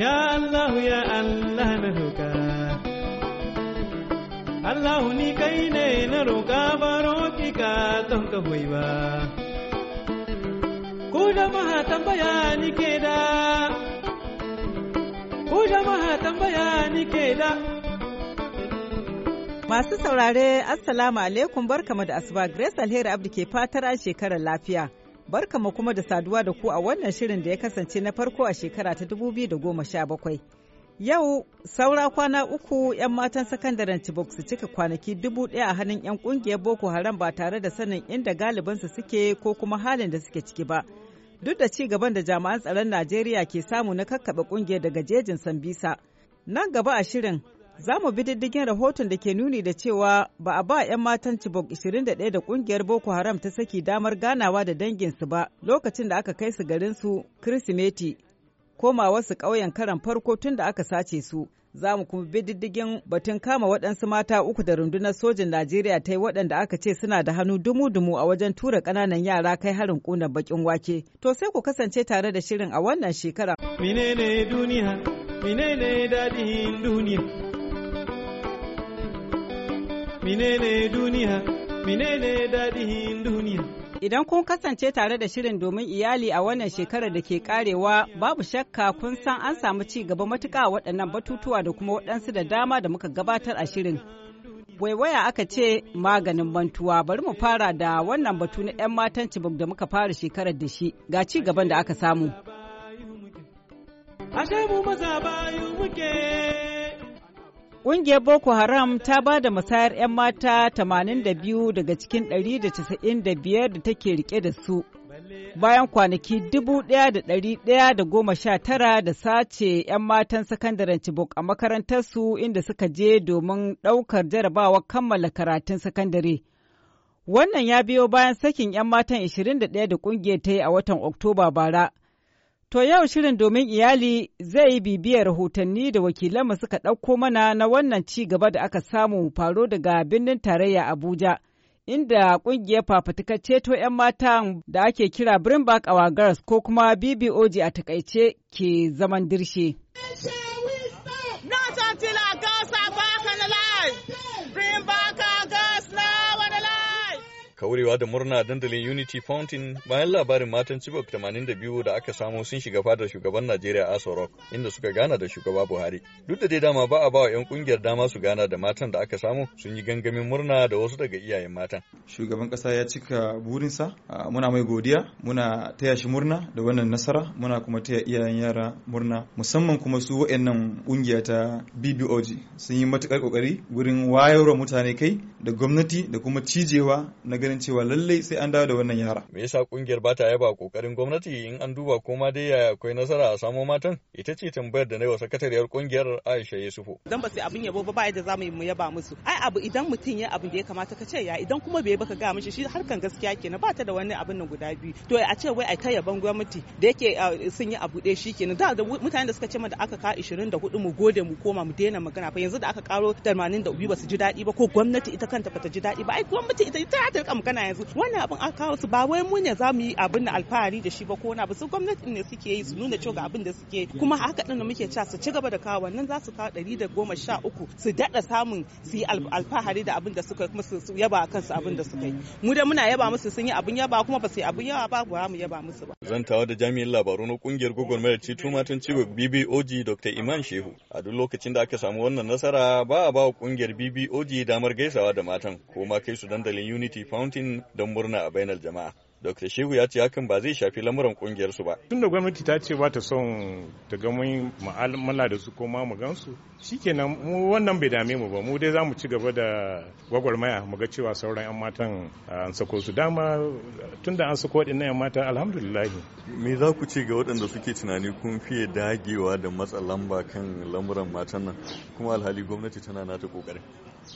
Ya Allah ya Allah na roƙa Allah ni kai ne na roƙa baro ki ka don ka hoyi ba Ku jama'a tambaya ni ke da Ku jama'a tambaya ni ke da Masu saurare Assalamu alaikum barkamu da asuba Grace Alheri Abdi ke fatar shekarar lafiya barkama kuma da saduwa da ku a wannan shirin da ya kasance na farko a shekara ta 2017. Yau saura kwana uku 'yan matan sakandaren Chibok su cika kwanaki dubu ɗaya a hannun 'yan ƙungiyar Boko Haram ba tare da sanin inda galibansu suke ko kuma halin da suke ciki ba. Duk da ci gaban da jami'an tsaron Najeriya ke samu na kakkaɓe ƙungiyar daga jejin Sambisa. Nan gaba a shirin Za mu bi diddigin rahoton da ke nuni da cewa ba a ba 'yan matan Cibok 21 da kungiyar Boko Haram ta saki damar ganawa da danginsu ba lokacin da aka kai su garin su Kirsimeti koma wasu ƙauyen karan farko tun da aka sace su. Za mu kuma bi diddigin batun kama waɗansu mata uku da rundunar sojin Najeriya ta yi waɗanda aka ce suna da hannu dumu-dumu a wajen tura ƙananan yara kai harin ƙunar bakin wake. To sai ku kasance tare da shirin a wannan shekara. Menene duniya? Menene duniya? minene duniya minene dadihin duniya Idan kun kasance tare da shirin domin iyali a wannan shekarar da ke karewa babu shakka kun san an samu ci gaba matuka waɗannan batutuwa da kuma waɗansu da dama da muka gabatar a shirin. Waiwaya aka ce maganin bantuwa bari mu fara da wannan batu na 'yan matan cibin da muka fara shekarar da shi ga ci gaban da aka samu. Ashe mu maza bayu muke Ƙungiyar Boko Haram ta ba da musayar 'yan mata 82 daga cikin 195 da take rike da su bayan kwanaki 1,119 da sace 'yan matan sakandaren Chibok a makarantarsu inda suka je domin ɗaukar jarabawa kammala karatun sakandare. Wannan ya biyo bayan sakin 'yan matan 21 da ƙungiyar ta yi a watan Oktoba bara. To yau shirin domin iyali zai yi bibiyar rahotanni da wakilanmu suka ɗauko mana na wannan ci gaba da aka samu faro daga birnin tarayya Abuja, inda ƙungiyar fafutukar ceto 'yan mata da ake kira Brimbak Awa Girls ko kuma BBOG a takaice ke zaman dirshe. Not kaurewa da murna a dandalin Unity Fountain bayan labarin matan Chibok 82 da aka samu sun shiga fadar shugaban Najeriya Aso Rock inda suka gana da shugaba Buhari. Duk da dai dama ba a ba wa 'yan kungiyar dama su gana da matan da aka samu sun yi gangamin murna da wasu daga iyayen matan. Shugaban kasa ya cika burinsa muna mai godiya muna taya shi murna da wannan nasara muna kuma taya iyayen yara murna musamman kuma su wa'annan kungiya ta BBOG sun yi matukar kokari wurin wayarwa mutane kai da gwamnati da kuma cijewa na ganin cewa lallai sai an dawo da wannan yara. Me yasa kungiyar ba ta yaba kokarin gwamnati in an duba ko ma dai yaya akwai nasara a samo matan? Ita ce tambayar da na yi wa sakatariyar kungiyar Aisha Yusufu. Dan ba sai abin yabo ba ba da zamu yi mu yaba musu. Ai abu idan mutum ya abin da ya kamata ka ce ya idan kuma bai baka ga mishi shi harkan gaskiya kenan ba ta da wani abin nan guda biyu. To a ce wai a ta yaban gwamnati da yake eh, sun yi abu ɗaya shi kenan. Da mutane da suka ce da aka ka 24 mu gode mu koma mu daina magana fa yanzu da aka karo 82 ba su ji daɗi ba ko gwamnati ita kanta ba ta ji daɗi ba ai gwamnati ita ta rika magana yanzu wannan abin aka kawo su ba wai mu ne za mu yi abin da alfahari da shi ba ko na abu su gwamnati ne suke yi su nuna cewa ga abin da suke kuma haka din da muke cewa su ci gaba da kawo wannan za su kawo ɗari da goma sha uku su daɗa samun su yi alfahari da abin da suka kuma su yaba kansu abin da suka yi mu da muna yaba musu sun yi abin yaba kuma ba su yi abin yawa ba ba mu yaba musu ba. zan tawa da jami'in labaru na kungiyar gwagwarmayar ci matan cibiyar BBOG Dr. Iman Shehu. A duk lokacin da aka samu wannan nasara ba a ba wa kungiyar BBOG damar gaisawa da matan ko ma kai su dandalin Unity Foundation don murna a bainar jama'a. Dr. Shehu ya ce hakan ba zai shafi lamuran kungiyar su ba. Tunda gwamnati ta ce ba ta son ta ga mun mu'amala da su ko ma mu gansu, shikenan mu wannan bai dame mu ba. Mu dai za mu ci gaba da gwagwarmaya mu ga cewa sauran 'yan matan ah, an sako su dama tunda an sako waɗannan 'yan mata alhamdulillah. Me za ku ce ga waɗanda suke tunani kun fiye dagewa da matsa lamba kan lamuran matan nan kuma alhali gwamnati tana nata kokarin.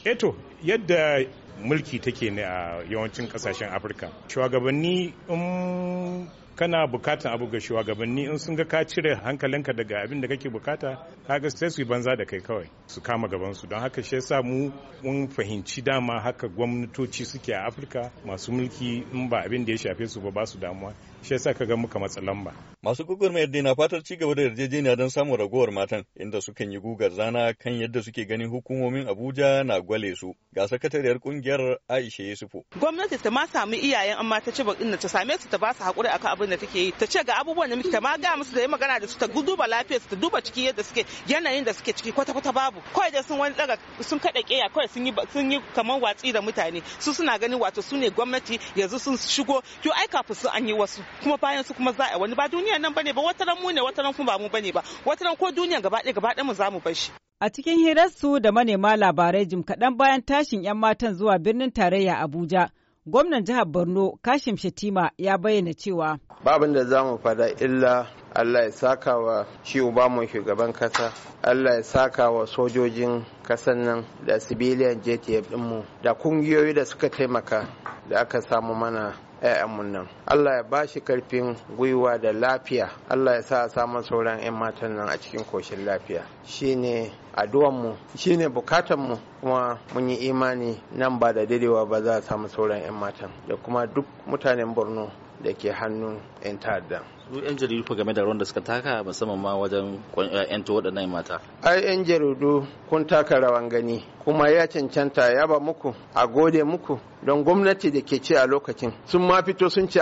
eto yadda mulki take ne a yawancin kasashen afirka shugabanni in kana bukatan abu ga shugabanni in sun ga ka cire hankalinka daga abin da kake bukata kaga sai su banza da kai kawai su kama gaban su don haka shi yasa mu mun fahimci dama haka gwamnatoci suke a afirka masu mulki in ba abin da ya shafe su ba ba su damuwa shi yasa ka ga muka matsa lamba masu gugurmayar dai na fatar ci gaba da yarjejeniya don samun ragowar matan inda sukan yi gugar zana kan yadda suke ganin hukumomin Abuja na gwale su ga sakatariyar kungiyar Aisha Yusufu gwamnati ta ma samu iyayen amma ta ci bakin ta same su ta ba su hakuri akan abin da take yi ta ce ga abubuwan da muke ta ma ga musu da yi magana da su ta duba lafiyar su ta duba ciki yadda suke yanayin da suke ciki kwata kwata babu kawai da sun wani daga sun kada keya kawai sun yi sun yi kamar watsi da mutane su suna ganin wato su ne gwamnati yanzu sun shigo to ai kafin su an yi wasu kuma bayan su kuma za a wani ba duniya nan bane ba wataran mu ne wataran kuma ba mu bane ba wataran ko duniya gaba ɗaya gaba ɗaya mu za mu bar shi A cikin hirarsu da manema labarai jim kaɗan bayan tashin 'yan matan zuwa birnin tarayya Abuja, gwamnan jihar Borno Kashim Shatima ya bayyana cewa. Babin da za mu fada illa Allah ya saka wa shi mu shugaban kasa, Allah ya saka wa sojojin kasan nan da civilian JTF ɗinmu da kungiyoyi da suka taimaka da aka samu mana 'ya'yanmu nan allah ya ba shi karfin gwiwa da lafiya allah ya sa samun sauran 'yan matan nan a cikin koshin lafiya shine addu'anmu shine bukatanmu kuma mun yi imani nan ba da daidaiwa ba za a samu sauran 'yan matan da kuma duk mutanen borno da ke hannun 'yan ta'adda. su 'yan jaridu fa game da ruwan da suka taka musamman ma wajen 'yan eh, waɗannan mata. ai 'yan jaridu kun taka rawan gani kuma ya cancanta ya ba muku a gode muku don gwamnati da ke ce a lokacin sun ma fito sun ce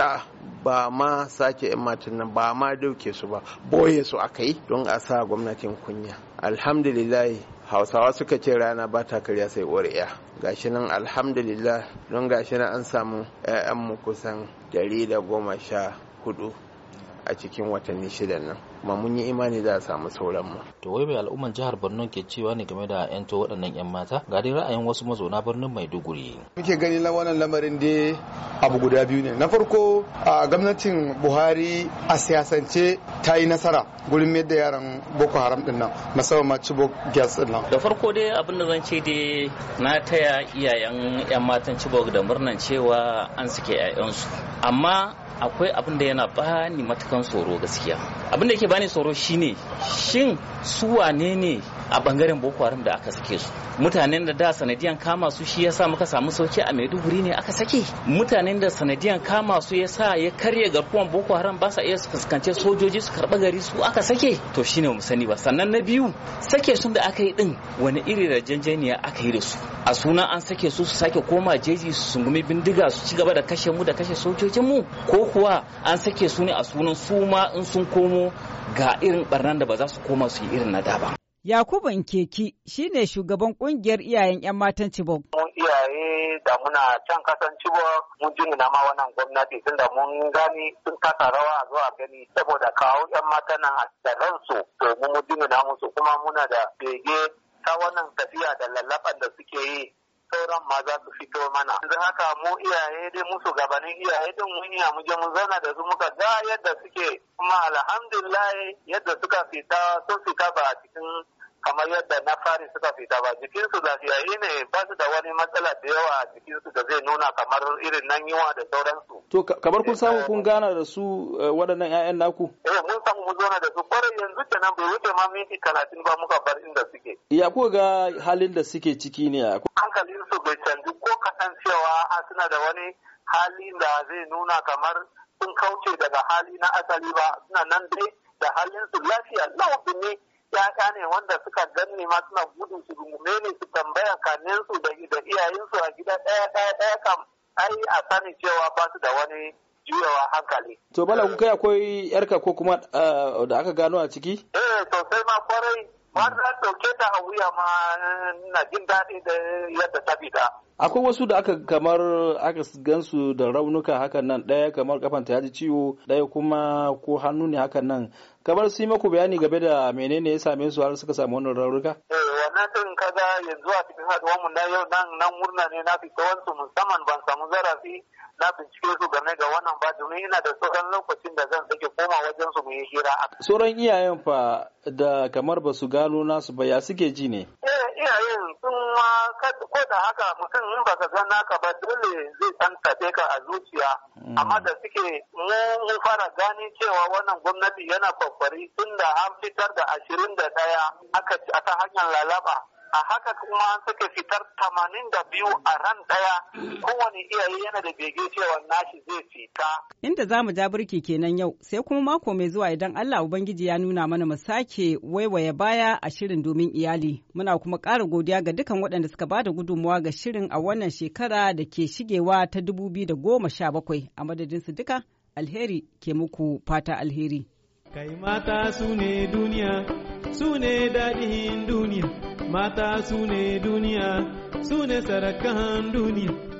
ba ma sake 'yan matan nan ba ma dauke su ba boye su aka yi don a sa gwamnatin kunya alhamdulillahi hausawa suka ce rana ba ta karya sai ƙwarya gashi nan alhamdulillah don gashi nan an samu mu kusan 114 a cikin watanni shidan nan kuma mun yi imani za a samu sauran mu to wai mai al'umman jihar Borno ke cewa ne game da yanto waɗannan yan mata ga dai ra'ayin wasu mazauna birnin Maiduguri muke gani wannan lamarin dai abu guda biyu ne na farko a gwamnatin Buhari a siyasance ta yi nasara gurin mai da yaran Boko Haram din nan musamman ma Chibok gas din nan da farko dai abin da zan ce dai na taya iyayen yan matan Chibok da murnan cewa an suke 'ya'yansu amma akwai abin da yana ni matukan tsoro gaskiya abin da yake bani tsoro shine shin su wane ne a bangaren boko haram da aka sake su mutanen da da sanadiyan kama su shi yasa muka samu sauki a maiduguri ne aka sake mutanen da sanadiyan kama su yasa ya karya garkuwan boko haram ba sa iya su fuskance sojoji su karba gari su aka sake to shine mu sani ba sannan na biyu sake sun da aka yi din wani iri da janjaniya aka yi da su a suna an sake su su sake koma jeji su sungumi bindiga su ci gaba da kashe mu da kashe sojojin mu ko kuwa an sake su ne a sunan su ma in sun komo ga irin barnan da ba za su koma su yi irin na da ba Yakubu Nkeki shi ne shugaban kungiyar iyayen 'yan matan Chibok. Mun iyaye da muna can kasan Chibok mun jingina ma wannan gwamnati tun da mun gani sun kasa rawa zuwa gani saboda kawo 'yan matan nan da ransu to mun ji jingina musu kuma muna da bege ta wannan tafiya da lallaban da suke yi sauran ma za su fito mana yanzu haka mu iyaye dai musu gabanin iyaye din mun iya mu je mu zauna da su muka ga yadda suke kuma alhamdulillah yadda suka fita sun fita ba a cikin kamar yadda na fari suka fita ba jikin su lafiyayi ne ba su da wani matsala da yawa a su da zai nuna kamar irin nan yiwa da sauransu. To kamar kun samu eh, kun eh. gana da su eh, waɗannan 'ya'yan naku? Eh mun samu mu zauna da su kwarai yanzu kenan bai wuce ma minti talatin ba muka bar inda suke. Ya ko ga halin da suke ciki ne a hankalinsu bai canji ko kasancewa a suna da wani hali da zai nuna kamar sun kauce daga hali na asali ba suna nan dai da halinsu lafiya lafi ne ya'ya ne wanda suka ganni ma suna gudu su rungume ne su tambaya kaninsu da iyayensu a gida ɗaya ɗaya ɗaya kam ai a sani cewa ba su da wani juyawa hankali. To bala kuka akwai yarka ko kuma eh, da aka gano a ciki? Eh sosai ma kwarai ma na dauke ta a wuya ma na jin daɗi da yadda ta fita. akwai wasu da aka kamar aka gansu da raunuka hakan nan ɗaya kamar kafanta ya ji ciwo ɗaya kuma ko hannu ne hakan nan kamar su yi maku bayani game da menene ya same su har suka samu wannan raunuka. Eh, wannan ɗin kaga yanzu a cikin haɗuwar mu na yau nan nan murna ne na fita wansu musamman ban samu zarafi na bincike su game ga wannan ba domin yana da sauran lokacin da zan sake koma wajen su mu yi hira. Sauran iyayen fa da kamar ba su gano nasu ba ya suke ji ne? Eh iyayen sun ma ko da haka mutum in ba ka ga naka ba dole zai san tafe ka a zuciya. Hmm. Amma da suke mu fara gani cewa wannan gwamnati yana kwakwari tun da an fitar da ashirin da ɗaya aka ta hanyar lalaba. a haka kuma suka fitar tamanin da biyu a ran ɗaya kowane iyaye yana da bege cewa nashi zai fita. Inda za mu ja birki kenan yau sai kuma mako mai zuwa idan Allah Ubangiji ya nuna mana mu sake waiwaye baya a shirin domin iyali. Muna kuma ƙara godiya ga dukan waɗanda suka bada gudummawa ga shirin a wannan shekara da ke shigewa ta dubu biyu da goma sha bakwai a madadin su duka alheri ke muku fata alheri. Kai mata su ne duniya, su ne daɗin duniya. mata su ne duniya su ne sarakan duniya